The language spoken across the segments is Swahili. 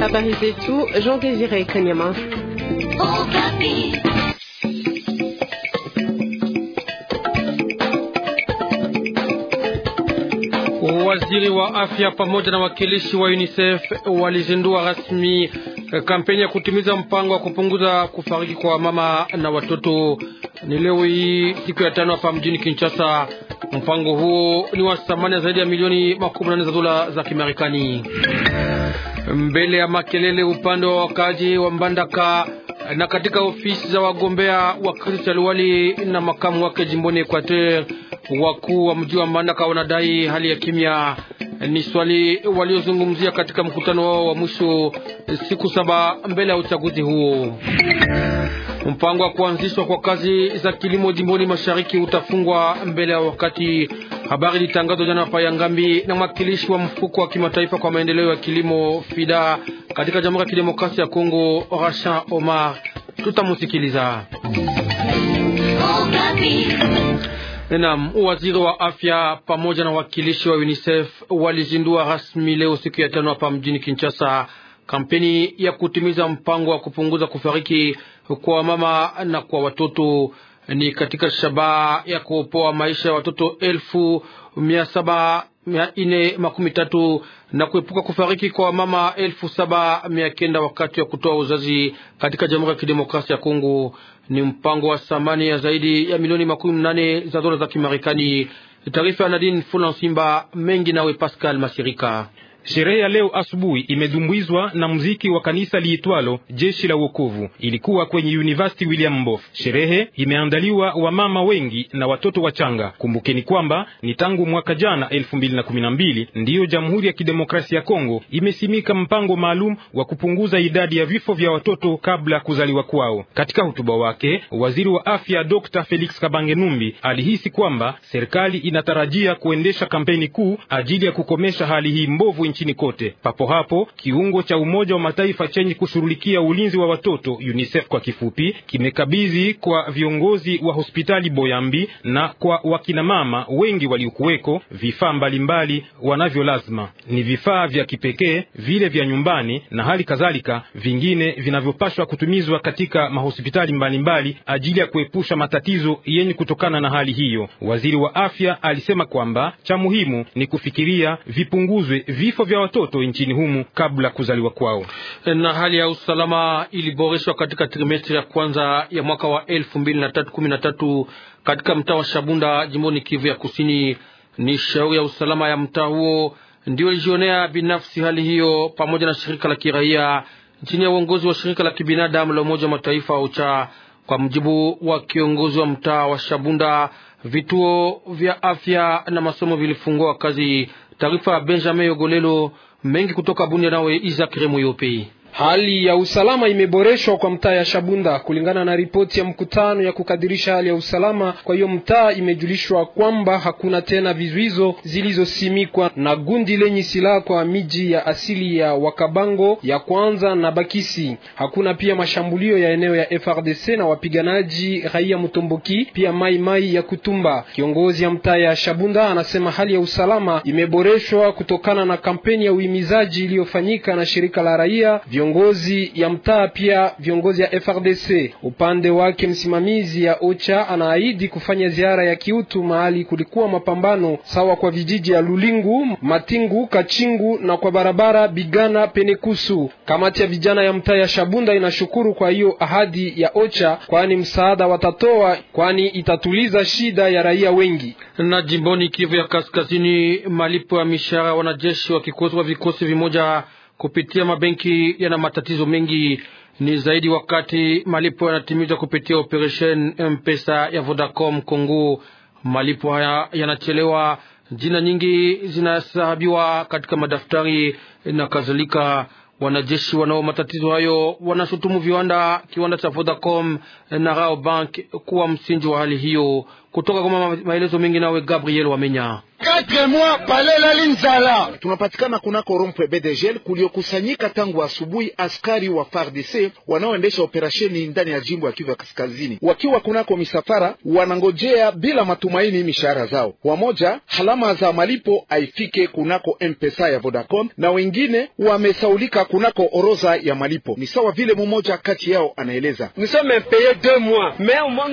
Habari zetu Jean Désiré Kanyama. Okapi. Waziri wa afya pamoja na wakilishi wa UNICEF walizindua rasmi Eh, kampeni ya kutimiza mpango wa kupunguza kufariki kwa mama na watoto ni leo hii siku ya tano hapa mjini Kinshasa. Mpango huo ni wa thamani zaidi ya milioni makumi nane za dola za Kimarekani. Mbele ya makelele upande wa wakaji wa Mbandaka eh, na katika ofisi za wagombea wa kiti cha na makamu wake jimboni Equateur, wakuu wa mji wa Mbandaka wanadai hali ya kimya. Ni swali waliozungumzia katika mkutano wao wa mwisho siku saba mbele ya uchaguzi huo. Mpango wa kuanzishwa kwa kazi za kilimo jimboni mashariki utafungwa mbele ya wakati. Habari litangazwa jana pa Yangambi na mwakilishi wa mfuko wa kimataifa kwa maendeleo ya kilimo FIDA katika Jamhuri ya Kidemokrasia ya Kongo, Rashan Omar. Tutamusikiliza. Naam, waziri wa afya pamoja na wakilishi wa UNICEF walizindua rasmi leo siku ya tano hapa mjini Kinshasa kampeni ya kutimiza mpango wa kupunguza kufariki kwa wamama na kwa watoto. Ni katika shabaha ya kuopoa maisha ya watoto elfu mia saba mia ine makumi tatu na kuepuka kufariki kwa mama elfu saba mia kenda wakati wa kutoa uzazi katika Jamhuri ya Kidemokrasia ya Kongo. Ni mpango wa thamani ya zaidi ya milioni makumi mnane za dola za Kimarekani. Taarifa ya Nadine Fulansimba mengi nawe Pascal Masirika. Sherehe ya leo asubuhi imedumbuizwa na muziki wa kanisa liitwalo Jeshi la Wokovu. Ilikuwa kwenye University William Mbof. Sherehe imeandaliwa wamama wengi na watoto wachanga. Kumbukeni kwamba ni tangu mwaka jana 2012 ndiyo Jamhuri ya Kidemokrasia ya Kongo imesimika mpango maalum wa kupunguza idadi ya vifo vya watoto kabla kuzaliwa kwao. Katika hotuba wake, waziri wa afya Dr. Felix kabangenumbi alihisi kwamba serikali inatarajia kuendesha kampeni kuu ajili ya kukomesha hali hii mbovu nchini kote. Papo hapo kiungo cha Umoja wa Mataifa chenye kushughulikia ulinzi wa watoto UNICEF kwa kifupi, kimekabidhi kwa viongozi wa hospitali Boyambi na kwa wakinamama wengi waliokuweko vifaa mbalimbali wanavyo lazima. Ni vifaa vya kipekee vile vya nyumbani na hali kadhalika vingine vinavyopashwa kutumizwa katika mahospitali mbalimbali ajili ya kuepusha matatizo yenye kutokana na hali hiyo. Waziri wa afya alisema kwamba cha muhimu ni kufikiria vipunguzwe vifo vifo vya watoto nchini humu kabla kuzaliwa kwao. Na hali ya usalama iliboreshwa katika trimestri ya kwanza ya mwaka wa 2013 katika mtaa wa Shabunda jimboni Kivu ya Kusini. Ni shauri ya usalama ya mtaa huo ndio ilijionea binafsi hali hiyo pamoja na shirika la kiraia chini ya uongozi wa shirika la kibinadamu la Umoja wa Mataifa OCHA kwa mjibu wa kiongozi wa mtaa wa Shabunda, vituo vya afya na masomo vilifungua kazi. Taarifa ya Benjamin Yogolelo mengi kutoka Bunia, nawe Isaac Remoyope. Hali ya usalama imeboreshwa kwa mtaa ya Shabunda kulingana na ripoti ya mkutano ya kukadirisha hali ya usalama. Kwa hiyo mtaa imejulishwa kwamba hakuna tena vizuizo zilizosimikwa na gundi lenye silaha kwa miji ya asili ya Wakabango ya kwanza na Bakisi. Hakuna pia mashambulio ya eneo ya FRDC na wapiganaji raia Mutomboki pia Mai Mai ya Kutumba. Kiongozi ya mtaa ya Shabunda anasema hali ya usalama imeboreshwa kutokana na kampeni ya uhimizaji iliyofanyika na shirika la raia Vio viongozi ya mtaa pia viongozi ya FRDC. Upande wake msimamizi ya OCHA anaahidi kufanya ziara ya kiutu mahali kulikuwa mapambano sawa kwa vijiji ya Lulingu, Matingu, Kachingu na kwa barabara Bigana Penekusu. Kamati ya vijana ya mtaa ya Shabunda inashukuru kwa hiyo ahadi ya OCHA, kwani msaada watatoa, kwani itatuliza shida ya raia wengi. Na jimboni Kivu ya Kaskazini, malipo ya mishahara wanajeshi wa kikosi wa vikosi vimoja kupitia mabenki yana matatizo mengi, ni zaidi wakati malipo yanatimizwa kupitia operation mpesa ya Vodacom Kongo. Malipo haya yanachelewa, jina nyingi zinasahabiwa katika madaftari na kadhalika. Wanajeshi wanao matatizo hayo wanashutumu viwanda kiwanda cha Vodacom na Rao Bank kuwa msingi wa hali hiyo. Kutoka kwa maelezo mengi nawe Gabriel Wamenya. Tunapatikana kunako rompwe BDGL kuliokusanyika tangu asubuhi askari wa FARDC wanaoendesha operasheni ndani ya jimbo ya Kivu ya Kaskazini, wakiwa kunako misafara wanangojea bila matumaini mishahara zao. Wamoja halama za malipo haifike kunako mpesa ya Vodacom na wengine wamesaulika kunako orodha ya malipo. Ni sawa vile mmoja kati yao anaeleza,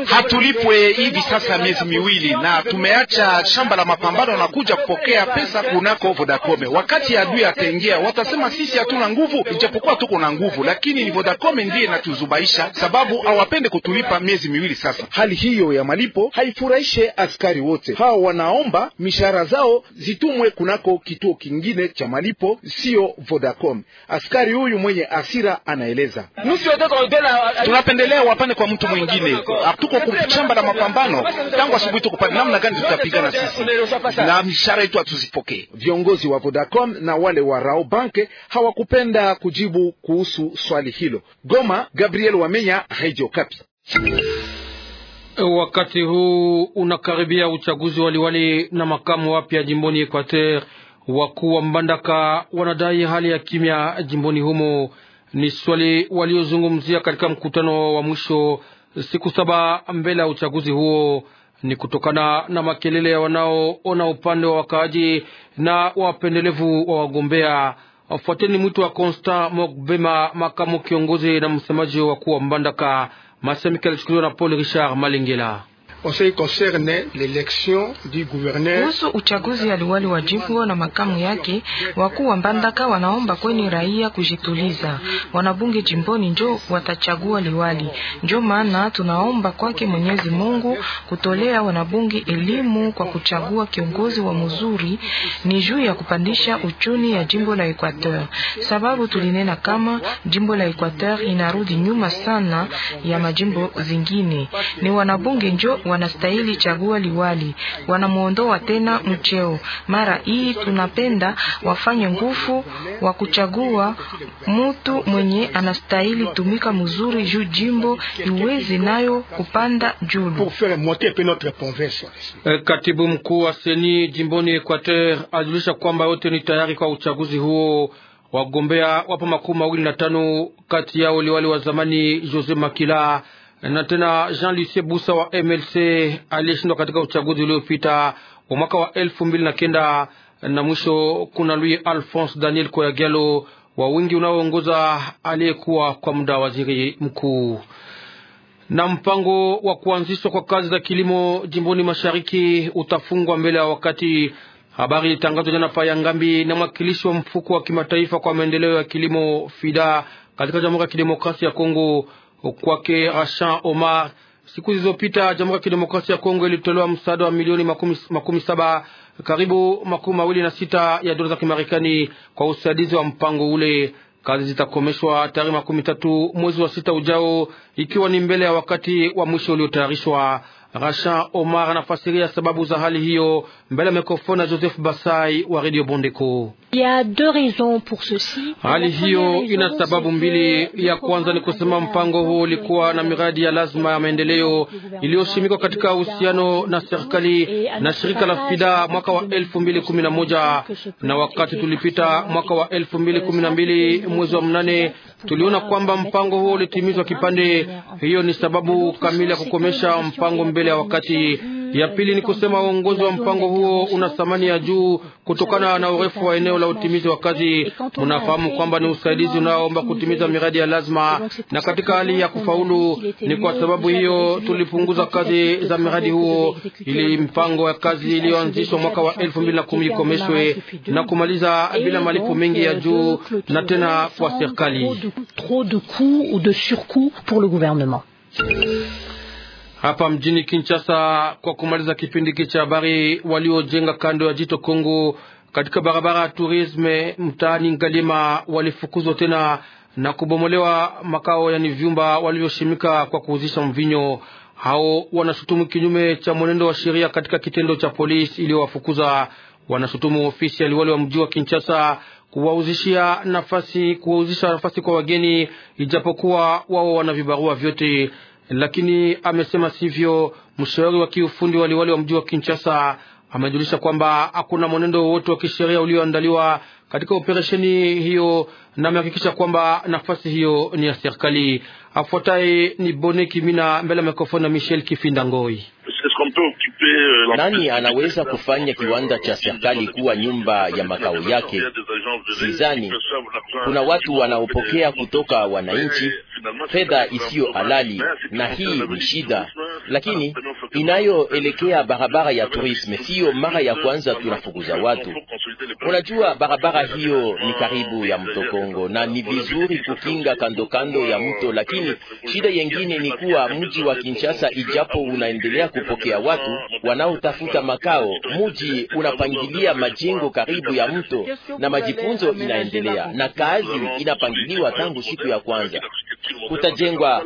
hatulipwe hivi sasa miezi miwili na tumeacha shamba la mapambano na kuja kupokea pesa kunako vodacome Wakati adui ataingia, watasema sisi hatuna nguvu, ijapokuwa tuko na nguvu, lakini ni vodacome ndiye natuzubaisha sababu hawapende kutulipa miezi miwili sasa. Hali hiyo ya malipo haifurahishe askari wote hao, wanaomba mishahara zao zitumwe kunako kituo kingine cha malipo, sio Vodacom askari huyu mwenye asira anaeleza, uh, uh, tunapendelea wapane kwa mtu mwingine. Tuko kuchamba la mapambano tangu asubuhi, tuko pale. Namna gani tutapigana sisi na mishara yetu hatuzipokee? Viongozi wa Vodacom na wale wa Rao banke hawakupenda kujibu kuhusu swali hilo. Goma, Gabriel Wamenya, Radio Okapi. Wakati huu unakaribia uchaguzi waliwali na makamu wapya jimboni Equateur. Wakuu wa Mbandaka wanadai hali ya kimya jimboni humo ni swali waliozungumzia katika mkutano wa mwisho siku saba mbele ya uchaguzi huo. Ni kutokana na makelele ya wanaoona upande wa wakaaji na wapendelevu wa wagombea. wafuateni mwito wa Constant Mokbema, makamu kiongozi na msemaji wakuu wa Mbandaka. Masemi alichukuliwa na Paul Richard Malingela kuhusu uchaguzi aliwali wa jimbo na makamu yake, wakuu wa Mbandaka wanaomba kweni raia kujituliza. Wanabunge jimboni njo watachagua liwali, njo maana tunaomba kwake Mwenyezi Mungu kutolea wanabunge elimu kwa kuchagua kiongozi wa mzuri, ni juu ya kupandisha uchumi ya jimbo la Equateur, sababu tulinena kama jimbo la Equateur inarudi nyuma sana ya majimbo zingine. Ni wanabunge njo wanastahili chagua liwali, wanamuondoa tena mcheo. Mara hii tunapenda wafanye nguvu wa kuchagua mutu mwenye anastahili tumika mzuri juu jimbo iwezi nayo kupanda julu. Eh, katibu mkuu wa seni jimboni Equateur ajulisha kwamba yote ni tayari kwa uchaguzi huo. Wagombea wapo makumi mawili na tano, kati yao liwali wa zamani Jose Makila na tena Jean-Lucie Busa wa MLC aliyeshindwa katika uchaguzi uliopita wa mwaka wa elfu mbili na kenda na mwisho kuna Louis Alphonse Daniel Koyagelo wa wingi unaoongoza aliyekuwa kwa muda waziri mkuu. Na mpango wa kuanzishwa kwa kazi za kilimo jimboni mashariki utafungwa mbele ya wakati. Habari ilitangazwa jana pa Yangambi na mwakilishi wa mfuko wa kimataifa kwa maendeleo ya kilimo FIDA katika Jamhuri ya Kidemokrasia ya Kongo. Kwake Rashan Omar, siku zilizopita Jamhuri ya Kidemokrasia ya Kongo ilitolewa msaada wa milioni makumi, makumi saba karibu makumi mawili na sita ya dola za Kimarekani kwa usaidizi wa mpango ule. Kazi zitakomeshwa tarehe makumi tatu mwezi wa sita ujao, ikiwa ni mbele ya wakati wa mwisho uliotayarishwa. Rashan Omar anafasiria sababu za hali hiyo mbele ya mikrofoni ya Joseph Basai wa Radio Bondeko. Hali hiyo ina sababu mbili. Ya kwanza ni kusema mpango huu ulikuwa na miradi ya lazima ya maendeleo iliyoshimikwa katika uhusiano na serikali na shirika la FIDA mwaka wa elfu mbili kumi na moja na wakati tulipita mwaka wa euh, elfu mbili kumi na mbili mwezi wa mnane tuliona kwamba mpango huo ulitimizwa kipande. Hiyo ni sababu kamili ya kukomesha mpango mbele ya wakati. Ya pili ni kusema uongozi wa mpango huo una thamani ya juu kutokana na urefu wa eneo la utimizi wa kazi. Mnafahamu kwamba ni usaidizi unaoomba kutimiza miradi ya lazima na katika hali ya kufaulu. Ni kwa sababu hiyo tulipunguza kazi za miradi huo ili mpango wa kazi iliyoanzishwa mwaka wa elfu mbili na kumi ikomeshwe na kumaliza bila malipo mengi ya euh, juu na tena kwa serikali hapa mjini Kinshasa kwa kumaliza kipindi hiki cha habari. Waliojenga kando ya jito Kongo katika barabara ya Turisme mtaani Ngalima walifukuzwa tena na kubomolewa makao, yani vyumba walivyoshimika kwa kuuzisha mvinyo. Hao wanashutumu kinyume cha mwenendo wa sheria katika kitendo cha polisi iliyowafukuza. Wanashutumu ofisi ya liwali wa mji wa Kinshasa kuwauzishia nafasi, kuwauzisha nafasi kwa wageni, ijapokuwa wao wana vibarua vyote lakini amesema sivyo mshauri wa kiufundi waliwali wa mji wa Kinshasa amejulisha kwamba hakuna mwenendo wowote wa kisheria ulioandaliwa katika operesheni hiyo na amehakikisha kwamba nafasi hiyo ni ya serikali. Afuataye ni Bone Kimina mbele ya mikrofoni na Michel Kifinda Ngoi. Nani anaweza kufanya kiwanda cha serikali kuwa nyumba ya makao yake? Sizani kuna watu wanaopokea kutoka wananchi fedha isiyo halali, na hii ni shida lakini inayoelekea barabara ya turisme. Siyo mara ya kwanza tunafukuza watu. Unajua, barabara hiyo ni karibu ya mto Kongo na ni vizuri kukinga kando kando ya mto, lakini shida yengine ni kuwa mji wa Kinshasa, ijapo unaendelea kupokea watu wanaotafuta makao, mji unapangilia majengo karibu ya mto na majifunzo inaendelea na kazi inapangiliwa tangu siku ya kwanza kutajengwa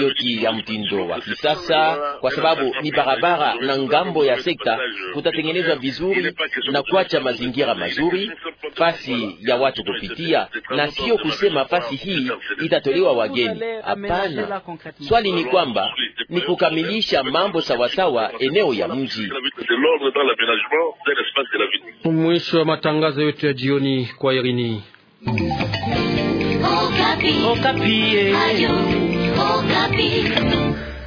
yoti ya mtindo wa kisasa, kwa sababu ni barabara na ngambo ya sekta kutatengenezwa vizuri na kuacha mazingira mazuri fasi ya watu kupitia, na sio kusema fasi hii itatolewa wageni. Hapana, swali ni kwamba ni kukamilisha mambo sawasawa eneo ya mji. Mwisho wa matangazo yote ya jioni, kwa Irini. Okapi. Okapi. Eh.